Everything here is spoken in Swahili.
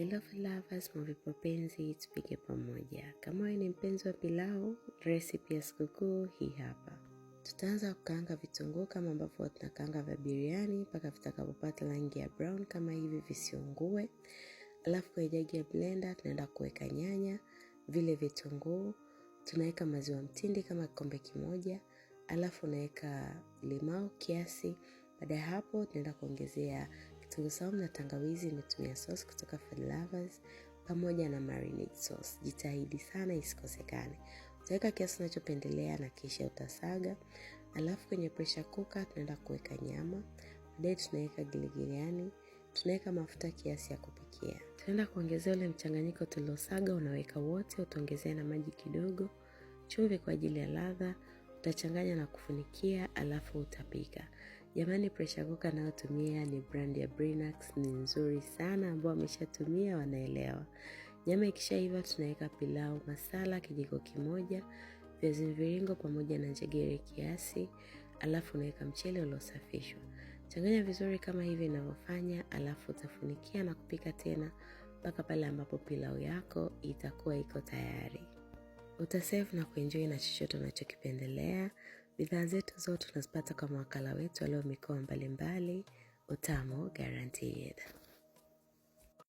Hello lovers, movie mapenzi, tupike pamoja. Kama wewe ni mpenzi wa pilau, recipe ya sikukuu hii hapa. Tutaanza kukaanga vitunguu kama ambavyo tunakaanga vya biriani mpaka vitakapopata rangi ya brown kama hivi, visiungue. Alafu kwenye jagi ya blender tunaenda kuweka nyanya, vile vitunguu, tunaweka maziwa mtindi kama kikombe kimoja, alafu unaweka limau kiasi. Baada ya hapo tunaenda kuongezea Kitunguu saumu na tangawizi imetumia sauce kutoka Lovers pamoja na marinade sauce. Jitahidi sana isikosekane. Utaweka kiasi unachopendelea na kisha utasaga. Alafu kwenye pressure cooker tunaenda kuweka nyama, baadaye tunaweka giligiliani, tunaweka mafuta kiasi ya kupikia. Tunaenda kuongezea ule mchanganyiko tuliosaga, unaweka wote, utaongezea na maji kidogo, chumvi kwa ajili ya ladha, utachanganya na kufunikia, alafu utapika. Jamani, pressure cooker anayotumia ni brand ya Brinax, ni nzuri sana, ambao wameshatumia wanaelewa. Nyama ikishaiva tunaweka pilau masala kijiko kimoja, viazi mviringo pamoja na njegere kiasi, alafu unaweka mchele uliosafishwa. Changanya vizuri kama hivi inavyofanya, alafu utafunikia na kupika tena mpaka pale ambapo pilau yako itakuwa iko tayari. Utaserve na kuenjoy na chochote unachokipendelea. Bidhaa zetu zote tunazipata kwa mawakala wetu walio mikoa mbalimbali. Utamu guaranteed.